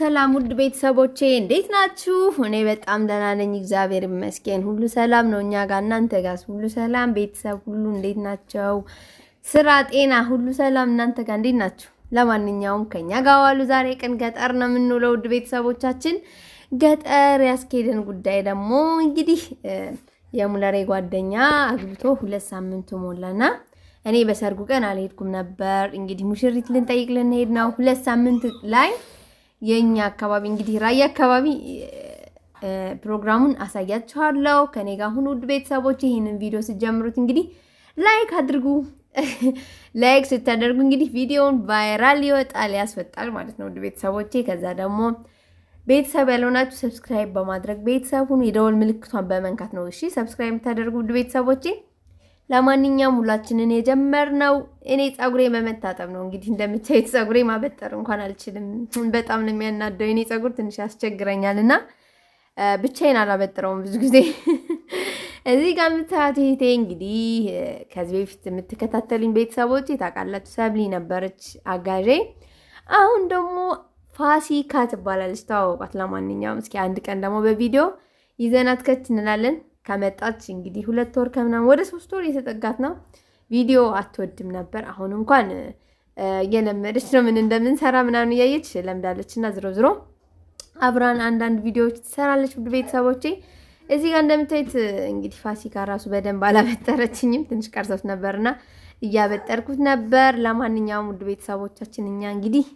ሰላም ውድ ቤተሰቦቼ እንዴት ናችሁ? እኔ በጣም ደህና ነኝ፣ እግዚአብሔር ይመስገን። ሁሉ ሰላም ነው እኛ ጋር፣ እናንተ ጋርስ ሁሉ ሰላም? ቤተሰብ ሁሉ እንዴት ናቸው? ስራ፣ ጤና ሁሉ ሰላም? እናንተ ጋር እንዴት ናችሁ? ለማንኛውም ከኛ ጋር ዋሉ። ዛሬ ቀን ገጠር ነው የምንውለው ውድ ቤተሰቦቻችን። ገጠር ያስኬደን ጉዳይ ደግሞ እንግዲህ የሙለሬ ጓደኛ አግብቶ ሁለት ሳምንቱ ሞላና እኔ በሰርጉ ቀን አልሄድኩም ነበር። እንግዲህ ሙሽሪት ልንጠይቅ ልንሄድ ነው ሁለት ሳምንት ላይ የእኛ አካባቢ እንግዲህ ራያ አካባቢ ፕሮግራሙን አሳያችኋለሁ። ከኔ ጋር ሁኑ ውድ ቤተሰቦች። ይህንን ቪዲዮ ስጀምሩት እንግዲህ ላይክ አድርጉ። ላይክ ስታደርጉ እንግዲህ ቪዲዮውን ቫይራል ይወጣል፣ ያስወጣል ማለት ነው ውድ ቤተሰቦቼ። ከዛ ደግሞ ቤተሰብ ያልሆናችሁ ሰብስክራይብ በማድረግ ቤተሰብ ሁኑ። የደወል ምልክቷን በመንካት ነው እሺ ሰብስክራይብ የምታደርጉ ውድ ቤተሰቦቼ። ለማንኛውም ሁላችንን የጀመርነው እኔ ፀጉሬ መመታጠብ ነው። እንግዲህ እንደምታዩት ፀጉሬ ማበጠር እንኳን አልችልም። በጣም ነው የሚያናደው። እኔ ፀጉር ትንሽ ያስቸግረኛል እና ብቻዬን አላበጥረውም ብዙ ጊዜ። እዚህ ጋር የምታዩት እህቴ እንግዲህ ከዚህ በፊት የምትከታተሉኝ ቤተሰቦች ታውቃላችሁ፣ ሰብሊ ነበረች አጋዤ። አሁን ደግሞ ፋሲካ ትባላለች፣ ተዋወቋት። ለማንኛውም እስኪ አንድ ቀን ደግሞ በቪዲዮ ይዘናት ከች እንላለን። ከመጣች እንግዲህ ሁለት ወር ከምናምን ወደ ሶስት ወር የተጠጋት ነው። ቪዲዮ አትወድም ነበር። አሁን እንኳን እየለመደች ነው። ምን እንደምንሰራ ምናምን እያየች ለምዳለች እና ዝሮ ዝሮ አብራን አንዳንድ ቪዲዮዎች ትሰራለች። ውድ ቤተሰቦቼ እዚህ ጋር እንደምታዩት እንግዲህ ፋሲካ ራሱ በደንብ አላበጠረችኝም። ትንሽ ቀርሶት ነበርና እያበጠርኩት ነበር። ለማንኛውም ውድ ቤተሰቦቻችን እኛ እንግዲህ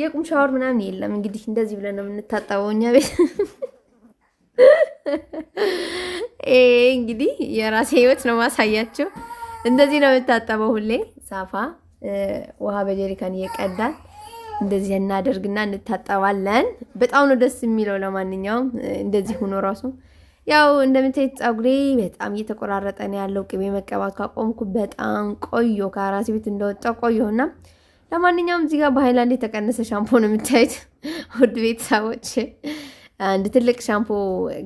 የቁም ሻወር ምናምን የለም እንግዲህ እንደዚህ ብለን ነው የምንታጠበው እኛ ቤት እንግዲህ የራሴ ህይወት ነው ማሳያቸው። እንደዚህ ነው የምታጠበው። ሁሌ ሳፋ ውሃ በጀሪካን እየቀዳን እንደዚህ እናደርግና እንታጠባለን። በጣም ነው ደስ የሚለው። ለማንኛውም እንደዚህ ሆኖ ራሱ ያው እንደምታዩት ፀጉሬ በጣም እየተቆራረጠ ነው ያለው። ቅቤ መቀባት ካቆምኩ በጣም ቆዮ ከራሴ ቤት እንደወጣ ቆየሁና ለማንኛውም እዚህ ጋር በሀይላንድ የተቀነሰ ሻምፖ ነው የምታዩት ውድ ቤተሰቦች አንድ ትልቅ ሻምፖ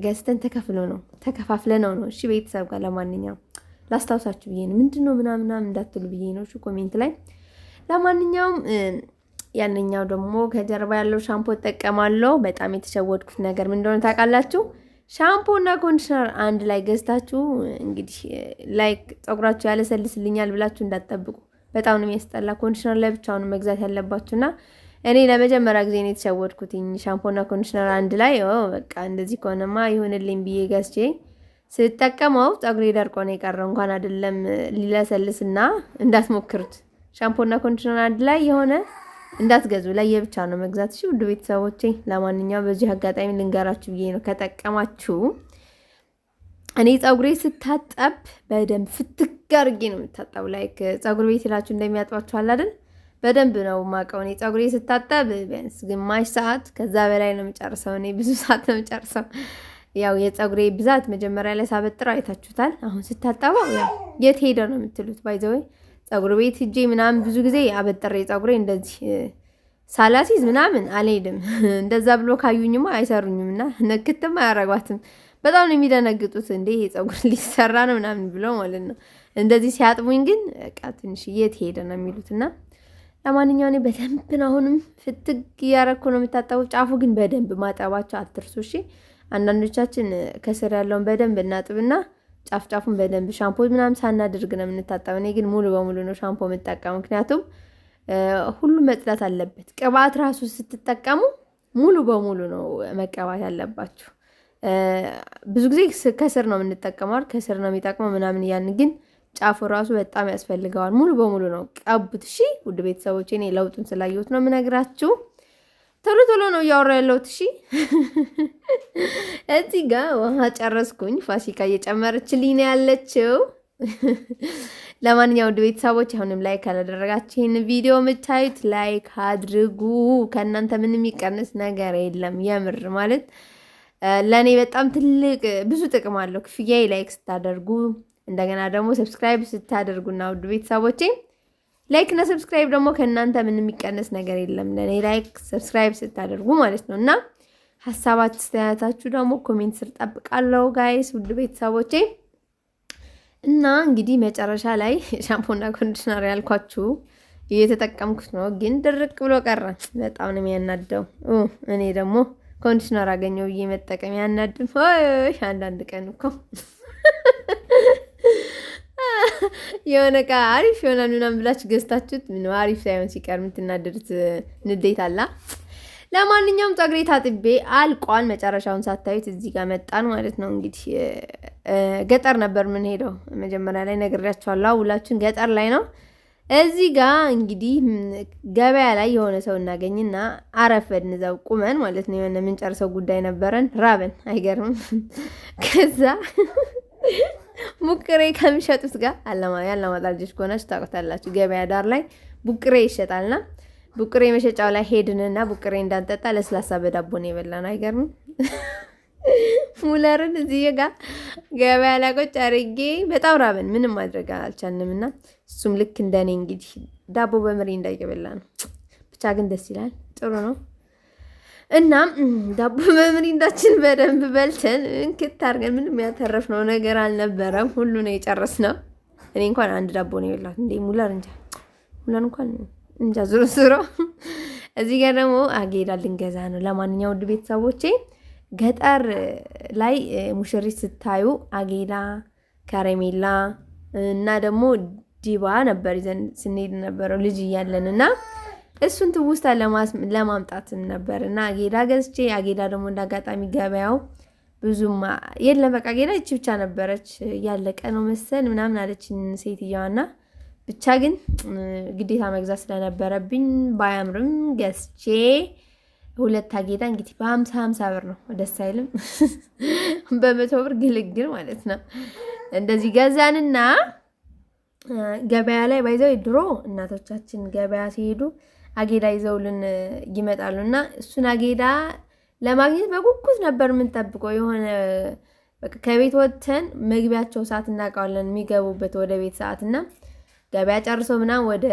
ገዝተን ተከፍሎ ነው ተከፋፍለ ነው ነው። እሺ ቤተሰብ ጋር ለማንኛውም ላስታውሳችሁ ብዬ ነው። ምንድን ነው ምናምናም እንዳትሉ ብዬ ነው ኮሜንት ላይ። ለማንኛውም ያንኛው ደግሞ ከጀርባ ያለው ሻምፖ እጠቀማለሁ። በጣም የተሸወድኩት ነገር ምን እንደሆነ ታውቃላችሁ? ሻምፖ እና ኮንዲሽነር አንድ ላይ ገዝታችሁ እንግዲህ ላይክ ፀጉራችሁ ያለሰልስልኛል ብላችሁ እንዳትጠብቁ። በጣም ነው የሚያስጠላ። ኮንዲሽነር ላይ ብቻውን መግዛት ያለባችሁና እኔ ለመጀመሪያ ጊዜ ነው የተሸወድኩትኝ። ሻምፖና ኮንዲሽነር አንድ ላይ በቃ እንደዚህ ከሆነማ ይሁንልኝ ብዬ ገዝቼ ስጠቀመው ፀጉሬ ደርቆ ነው የቀረው። እንኳን አይደለም ሊለሰልስና እንዳትሞክሩት። ሻምፖና ኮንዲሽነር አንድ ላይ የሆነ እንዳትገዙ፣ ለየብቻ ነው መግዛት። እሺ ውድ ቤተሰቦቼ፣ ለማንኛውም በዚህ አጋጣሚ ልንገራችሁ ብዬ ነው። ከጠቀማችሁ እኔ ፀጉሬ ስታጠብ በደንብ ፍትግ አድርጌ ነው የምታጠቡ። ላይክ ጸጉር ቤት ይላችሁ እንደሚያጥባችኋል አይደል በደንብ ነው ማቀው እኔ ፀጉሬ ስታጠብ ቢያንስ ግማሽ ሰዓት ከዛ በላይ ነው የምጨርሰው። እኔ ብዙ ሰዓት ነው የምጨርሰው። ያው የፀጉሬ ብዛት መጀመሪያ ላይ ሳበጥረው አይታችሁታል። አሁን ስታጠበው ያው የት ሄደ ነው የምትሉት። ባይዘወይ ፀጉር ቤት ሂጄ ምናምን ብዙ ጊዜ አበጥሬ ፀጉሬ እንደዚህ ሳላሲዝ ምናምን አልሄድም። እንደዛ ብሎ ካዩኝማ አይሰሩኝም እና ነክትም አያረጓትም። በጣም ነው የሚደነግጡት። እንዴ የፀጉር ሊሰራ ነው ምናምን ብሎ ማለት ነው። እንደዚህ ሲያጥቡኝ ግን በቃ ትንሽ የት ሄደ ነው የሚሉት እና ለማንኛውም በደንብ ነው አሁንም ፍትግ እያረኩ ነው የምታጠበው። ጫፉ ግን በደንብ ማጠባቸው አትርሱ እሺ። አንዳንዶቻችን ከስር ያለውን በደንብ እናጥብና ጫፍ ጫፉን በደንብ ሻምፖ ምናምን ሳናድርግ ነው የምንታጠበው። እኔ ግን ሙሉ በሙሉ ነው ሻምፖ የምጠቀመው፣ ምክንያቱም ሁሉም መጽዳት አለበት። ቅባት ራሱ ስትጠቀሙ ሙሉ በሙሉ ነው መቀባት ያለባችሁ። ብዙ ጊዜ ከስር ነው የምንጠቀመው፣ ከስር ነው የሚጠቅመው ምናምን እያን ግን ጫፉ ራሱ በጣም ያስፈልገዋል። ሙሉ በሙሉ ነው ቀቡት። እሺ ውድ ቤተሰቦች፣ እኔ ለውጡን ስላየሁት ነው የምነግራችሁ። ቶሎ ቶሎ ነው እያወራ ያለሁት። እሺ እዚህ ጋ ውሃ ጨረስኩኝ። ፋሲካ እየጨመረችልኝ ነው ያለችው። ለማንኛውም ውድ ቤተሰቦች አሁንም ላይክ አላደረጋችሁ ይህን ቪዲዮ የምታዩት ላይክ አድርጉ። ከእናንተ ምን የሚቀንስ ነገር የለም። የምር ማለት ለእኔ በጣም ትልቅ ብዙ ጥቅም አለው ክፍያዬ ላይክ ስታደርጉ እንደገና ደግሞ ሰብስክራይብ ስታደርጉና ውድ ቤተሰቦቼ ላይክ እና ሰብስክራይብ ደግሞ ከእናንተ ምን የሚቀነስ ነገር የለም። ለእኔ ላይክ ሰብስክራይብ ስታደርጉ ማለት ነው እና ሀሳባት አስተያየታችሁ ደግሞ ኮሜንት ስር ጠብቃለሁ ጋይስ ውድ ቤተሰቦቼ እና እንግዲህ መጨረሻ ላይ ሻምፖና ኮንዲሽነር ያልኳችሁ እየተጠቀምኩት ነው፣ ግን ድርቅ ብሎ ቀረ። በጣም ነው የሚያናደው። እኔ ደግሞ ኮንዲሽነር አገኘው ብዬ መጠቀም ያናድም። አንዳንድ ቀን እኮ የሆነ እቃ አሪፍ ይሆናል ምናምን ብላችሁ ገዝታችሁት አሪፍ ሳይሆን ሲቀር የምትናደዱት ንዴት አላ። ለማንኛውም ጸጉሬ ታጥቤ አልቋል። መጨረሻውን ሳታዩት እዚህ ጋር መጣን ማለት ነው። እንግዲህ ገጠር ነበር የምንሄደው መጀመሪያ ላይ ነግሬያችኋለሁ። ውላችሁን ገጠር ላይ ነው። እዚህ ጋር እንግዲህ ገበያ ላይ የሆነ ሰው እናገኝና አረፈድን፣ እዛው ቁመን ማለት ነው። የሆነ የምንጨርሰው ጉዳይ ነበረን፣ ራበን። አይገርምም? ከዛ ሙቅሬ ከሚሸጡት ጋር አለማ ያለማጣ ልጆች ከሆናችሁ ታውቁታላችሁ። ገበያ ዳር ላይ ቡቅሬ ይሸጣልና ቡቅሬ መሸጫው ላይ ሄድንና ቡቅሬ እንዳንጠጣ ለስላሳ በዳቦ ነው የበላን። አይገርምም? ሙለርን እዚህ ጋ ገበያ ላይ ቁጭ አድርጌ በጣም ራበን፣ ምንም ማድረግ አልቻልንም። እና እሱም ልክ እንደኔ እንግዲህ ዳቦ በምሬ እንዳይበላ ነው። ብቻ ግን ደስ ይላል፣ ጥሩ ነው። እና ዳቦ በምሪንዳችን በደንብ በልተን እንክት አድርገን ምንም ያተረፍነው ነገር አልነበረም። ሁሉ ነው የጨረስነው። እኔ እንኳን አንድ ዳቦ ነው የበላሁት። እንደ ሙላር እንጃ ሙላር እንኳን እንጃ። ዞሮ ዞሮ እዚህ ጋር ደግሞ አጌዳ ልንገዛ ነው። ለማንኛውም ውድ ቤተሰቦቼ ገጠር ላይ ሙሽሪት ስታዩ አጌዳ፣ ከረሜላ እና ደግሞ ዲባ ነበር ይዘን ስንሄድ ነበረው ልጅ እያለን እና እሱን ትውስታ ለማምጣት ነበር እና አጌዳ ገዝቼ አጌዳ ደግሞ እንዳጋጣሚ ገበያው ብዙም የለም። በቃ አጌዳ እቺ ብቻ ነበረች ያለቀ ነው መሰል ምናምን አለችን ሴትየዋና። ብቻ ግን ግዴታ መግዛት ስለነበረብኝ ባያምርም ገዝቼ ሁለት አጌዳ እንግዲህ በሀምሳ ሀምሳ ብር ነው ደስ አይልም። በመቶ ብር ግልግል ማለት ነው። እንደዚህ ገዛንና ገበያ ላይ ባይዘው ድሮ እናቶቻችን ገበያ ሲሄዱ አጌዳ ይዘውልን ይመጣሉ እና እሱን አጌዳ ለማግኘት በጉጉት ነበር የምንጠብቀው። የሆነ ከቤት ወጥተን መግቢያቸው ሰዓት እናውቀዋለን፣ የሚገቡበት ወደ ቤት ሰዓት እና ገበያ ጨርሶ ምናምን ወደ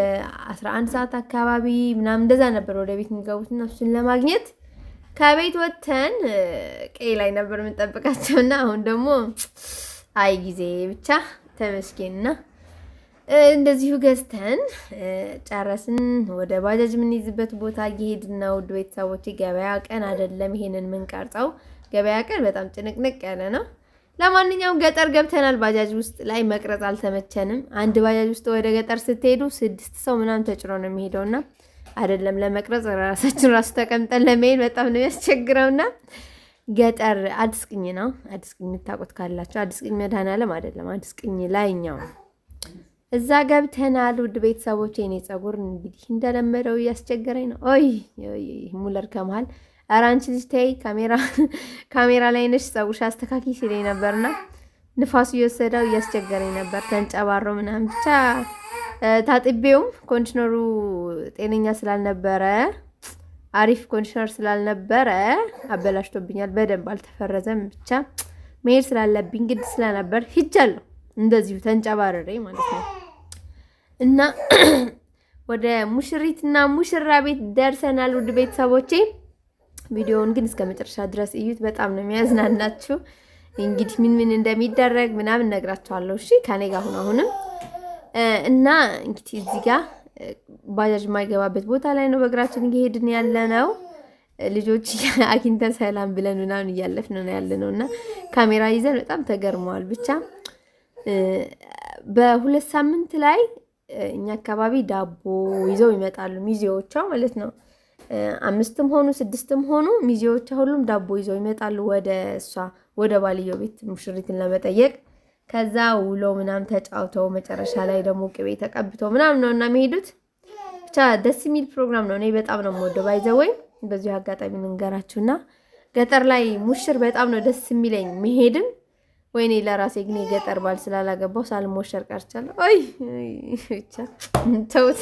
11 ሰዓት አካባቢ ምናምን እንደዛ ነበር ወደ ቤት የሚገቡት እና እሱን ለማግኘት ከቤት ወጥተን ቀይ ላይ ነበር የምንጠብቃቸው እና አሁን ደግሞ አይ ጊዜ ብቻ ተመስገንና እንደዚሁ ገዝተን ጨረስን። ወደ ባጃጅ የምንይዝበት ቦታ እየሄድን ነው። ውድ ቤተሰቦች ገበያ ቀን አይደለም ይሄንን የምንቀርጸው። ገበያ ቀን በጣም ጭንቅንቅ ያለ ነው። ለማንኛውም ገጠር ገብተናል። ባጃጅ ውስጥ ላይ መቅረጽ አልተመቸንም። አንድ ባጃጅ ውስጥ ወደ ገጠር ስትሄዱ ስድስት ሰው ምናምን ተጭኖ ነው የሚሄደውና አይደለም ለመቅረጽ ራሳችን ራሱ ተቀምጠን ለመሄድ በጣም ነው የሚያስቸግረውና ገጠር አዲስ ቅኝ ነው። አዲስ ቅኝ የምታውቁት ካላቸው አዲስ ቅኝ መድኃኔዓለም አይደለም አዲስ ቅኝ ላይኛው እዛ ገብተናል። ውድ ቤተሰቦች እኔ ፀጉር እንግዲህ እንደለመደው እያስቸገረኝ ነው። ኦይ ሙለር ከመሃል አራንች አንቺ ካሜራ ካሜራ ላይ ነሽ፣ ፀጉርሽ አስተካኪ ሲለኝ ነበርና ንፋሱ እየወሰደው እያስቸገረኝ ነበር። ተንጨባሮ ምናምን ብቻ ታጥቤውም ኮንዲሽነሩ ጤነኛ ስላልነበረ አሪፍ ኮንዲሽነር ስላልነበረ አበላሽቶብኛል። በደንብ አልተፈረዘም። ብቻ መሄድ ስላለብኝ ግድ ስለነበር ሂጃለሁ። እንደዚሁ ተንጨባረሬ ማለት ነው። እና ወደ ሙሽሪትና ሙሽራ ቤት ደርሰናል። ውድ ቤተሰቦቼ ቪዲዮውን ግን እስከ መጨረሻ ድረስ እዩት። በጣም ነው የሚያዝናናችሁ። እንግዲህ ምን ምን እንደሚደረግ ምናምን ነግራችኋለሁ። እሺ ከኔ ጋር ሁኑ። አሁንም እና እንግዲህ እዚህ ጋር ባጃጅ የማይገባበት ቦታ ላይ ነው በእግራችን እየሄድን ያለ ነው። ልጆች አግኝተን ሰላም ብለን ምናምን እያለፍን ነው ያለ ነው እና ካሜራ ይዘን በጣም ተገርመዋል። ብቻ በሁለት ሳምንት ላይ እኛ አካባቢ ዳቦ ይዘው ይመጣሉ ሚዜዎቿ ማለት ነው። አምስትም ሆኑ ስድስትም ሆኑ ሚዜዎቿ ሁሉም ዳቦ ይዘው ይመጣሉ ወደ እሷ ወደ ባልየው ቤት ሙሽሪትን ለመጠየቅ። ከዛ ውሎ ምናም ተጫውተው መጨረሻ ላይ ደግሞ ቅቤ ተቀብተው ምናም ነው እና የሚሄዱት። ብቻ ደስ የሚል ፕሮግራም ነው። እኔ በጣም ነው የምወደው። ባይዘወይ በዚሁ አጋጣሚ ልንገራችሁና ገጠር ላይ ሙሽር በጣም ነው ደስ የሚለኝ መሄድም ወይኔ ለራሴ ግን የገጠር ባል ስላላገባው ሳልሞሸር ቀርቻለሁ። አይ ብቻ ተውት።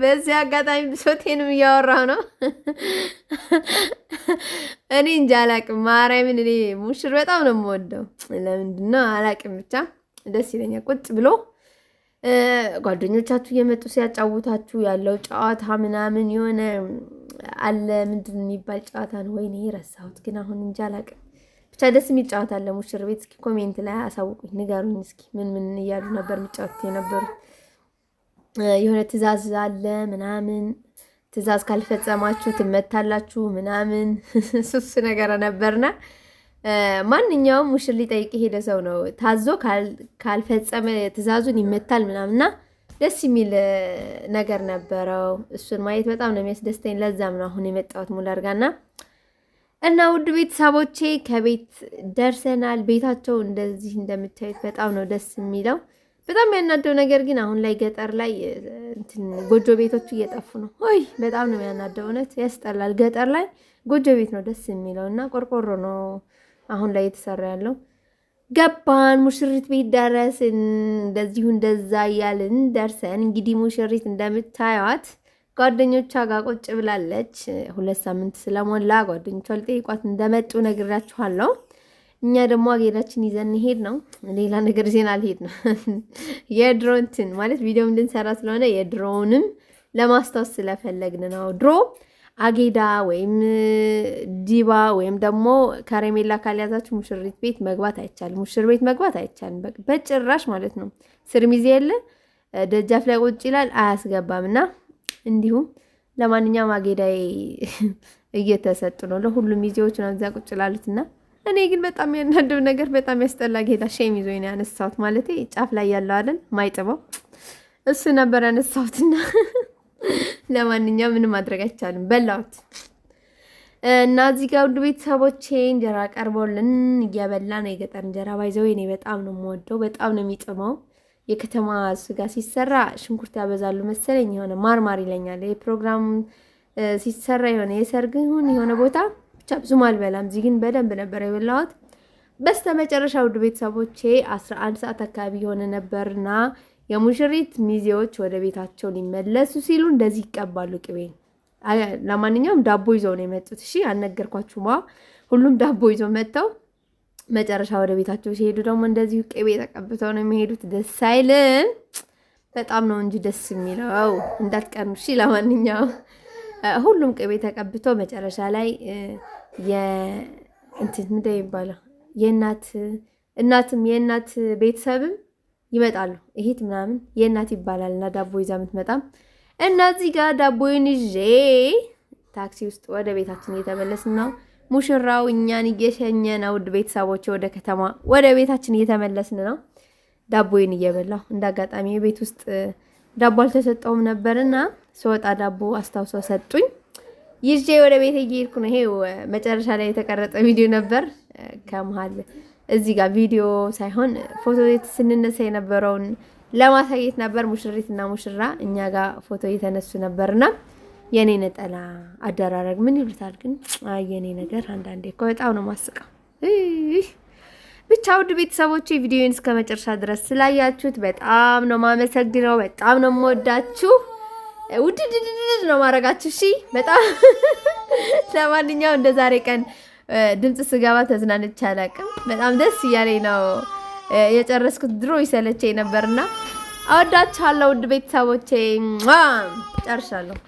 በዚህ አጋጣሚ ብሶቴንም እያወራሁ ነው። እኔ እንጃ አላቅም፣ ማርያምን እኔ ሙሽር በጣም ነው የምወደው። ለምንድን ነው አላቅም፣ ብቻ ደስ ይለኛል። ቁጭ ብሎ ጓደኞቻችሁ እየመጡ ሲያጫውታችሁ ያለው ጨዋታ ምናምን የሆነ አለ ምንድን የሚባል ጨዋታ ነው። ወይኔ ረሳሁት ግን አሁን እንጃ አላቅም። ብቻ ደስ የሚል ጨዋታ አለ ሙሽር ቤት። እስኪ ኮሜንት ላይ አሳውቁኝ፣ ንገሩኝ እስኪ ምን ምን እያሉ ነበር የሚጫወቱት የነበሩት። የሆነ ትዕዛዝ አለ ምናምን፣ ትዕዛዝ ካልፈጸማችሁ ትመታላችሁ ምናምን ሱስ ነገር ነበርና ማንኛውም ሙሽር ሊጠይቅ የሄደ ሰው ነው ታዞ ካልፈጸመ ትዕዛዙን ይመታል ምናምንና ደስ የሚል ነገር ነበረው። እሱን ማየት በጣም ነው የሚያስደስተኝ። ለዛም ነው አሁን የመጣሁት ሙላር አድርጋና። እና ውድ ቤተሰቦቼ ከቤት ደርሰናል። ቤታቸው እንደዚህ እንደምታዩት በጣም ነው ደስ የሚለው። በጣም ያናደው ነገር ግን አሁን ላይ ገጠር ላይ ጎጆ ቤቶቹ እየጠፉ ነው። ሆይ በጣም ነው ያናደው። እውነት ያስጠላል። ገጠር ላይ ጎጆ ቤት ነው ደስ የሚለው እና ቆርቆሮ ነው አሁን ላይ የተሰራ ያለው። ገባን ሙሽሪት ቤት ደረስን። እንደዚሁ እንደዛ እያልን ደርሰን እንግዲህ ሙሽሪት እንደምታዩት ጓደኞቿ ጋር ቁጭ ብላለች። ሁለት ሳምንት ስለሞላ ጓደኞቿ ልጠይቋት እንደመጡ ነግራችኋለሁ። እኛ ደግሞ አጌዳችን ይዘን ሄድ ነው። ሌላ ነገር ዜና አልሄድ ነው። የድሮንትን ማለት ቪዲዮም ልንሰራ ስለሆነ የድሮውንም ለማስታወስ ስለፈለግን ነው። ድሮ አጌዳ ወይም ዲባ ወይም ደግሞ ከረሜላ ካልያዛችሁ ሙሽሪት ቤት መግባት አይቻልም። ሙሽር ቤት መግባት አይቻልም በጭራሽ ማለት ነው። ስርሚዜ የለ ደጃፍ ላይ ቁጭ ይላል አያስገባም እና እንዲሁም ለማንኛውም አጌዳይ እየተሰጡ ነው ለሁሉም ነው አዛ ቁጭ ላሉት እና እኔ ግን በጣም ያናደው ነገር በጣም ያስጠላ ጌታ ሸም ይዞ ነው ያነሳሁት። ማለት ጫፍ ላይ ያለው አለን ማይጥበው እሱ ነበር ያነሳሁትና ለማንኛው ምንም ማድረግ አይቻልም። በላሁት እና እዚህ ጋር ውድ ቤተሰቦቼ እንጀራ ቀርቦልን እየበላ ነው። የገጠር እንጀራ ባይዘው እኔ በጣም ነው የምወደው፣ በጣም ነው የሚጥመው። የከተማ ስጋ ሲሰራ ሽንኩርት ያበዛሉ መሰለኝ የሆነ ማርማር ይለኛል። ይሄ ፕሮግራም ሲሰራ የሆነ የሰርግ ይሁን የሆነ ቦታ ብቻ ብዙም አልበላም። እዚህ ግን በደንብ ነበር የበላሁት። በስተ መጨረሻ ውድ ቤተሰቦቼ አስራ አንድ ሰዓት አካባቢ የሆነ ነበርና የሙሽሪት ሚዜዎች ወደ ቤታቸው ሊመለሱ ሲሉ እንደዚህ ይቀባሉ ቅቤ። ለማንኛውም ዳቦ ይዘው ነው የመጡት። እሺ አልነገርኳችሁማ። ሁሉም ዳቦ ይዘው መጥተው መጨረሻ ወደ ቤታቸው ሲሄዱ ደግሞ እንደዚሁ ቅቤ ተቀብተው ነው የሚሄዱት። ደስ አይልም? በጣም ነው እንጂ ደስ የሚለው። እንዳትቀኑ እሺ። ለማንኛውም ሁሉም ቅቤ ተቀብቶ መጨረሻ ላይ እንትን ምንድን ይባላል የእናት እናትም የእናት ቤተሰብም ይመጣሉ። ይሄት ምናምን የእናት ይባላል እና ዳቦ ይዛ ምትመጣም እናዚህ ጋር ዳቦዬን ይዤ ታክሲ ውስጥ ወደ ቤታችን እየተመለስን ነው። ሙሽራው እኛን እየሸኘ ውድ ቤተሰቦች ወደ ከተማ ወደ ቤታችን እየተመለስን ነው። ዳቦዬን እየበላሁ እንደ አጋጣሚ ቤት ውስጥ ዳቦ አልተሰጠውም ነበርና ስወጣ ዳቦ አስታውሰው ሰጡኝ። ይዤ ወደ ቤት እየሄድኩ ነው። ይሄ መጨረሻ ላይ የተቀረጸ ቪዲዮ ነበር። ከመሀል እዚህ ጋር ቪዲዮ ሳይሆን ፎቶ ስንነሳ የነበረውን ለማሳየት ነበር። ሙሽሪትና ሙሽራ እኛ ጋር ፎቶ እየተነሱ ነበርና የኔ ነጠላ አደራረግ ምን ይሉታል ግን? አይ የኔ ነገር አንዳንዴ እኮ በጣም ነው ማስቀው። ብቻ ውድ ቤተሰቦች ቪዲዮን እስከ መጨረሻ ድረስ ስላያችሁት በጣም ነው ማመሰግነው። በጣም ነው የምወዳችሁ። ውድድድድድ ነው ማድረጋችሁ። እሺ በጣም ለማንኛው እንደ ዛሬ ቀን ድምፅ ስገባ ተዝናንቼ አላውቅም። በጣም ደስ እያለኝ ነው የጨረስኩት። ድሮ ይሰለቼ ነበርና አወዳችኋለሁ ውድ ቤተሰቦቼ ጨርሻለሁ።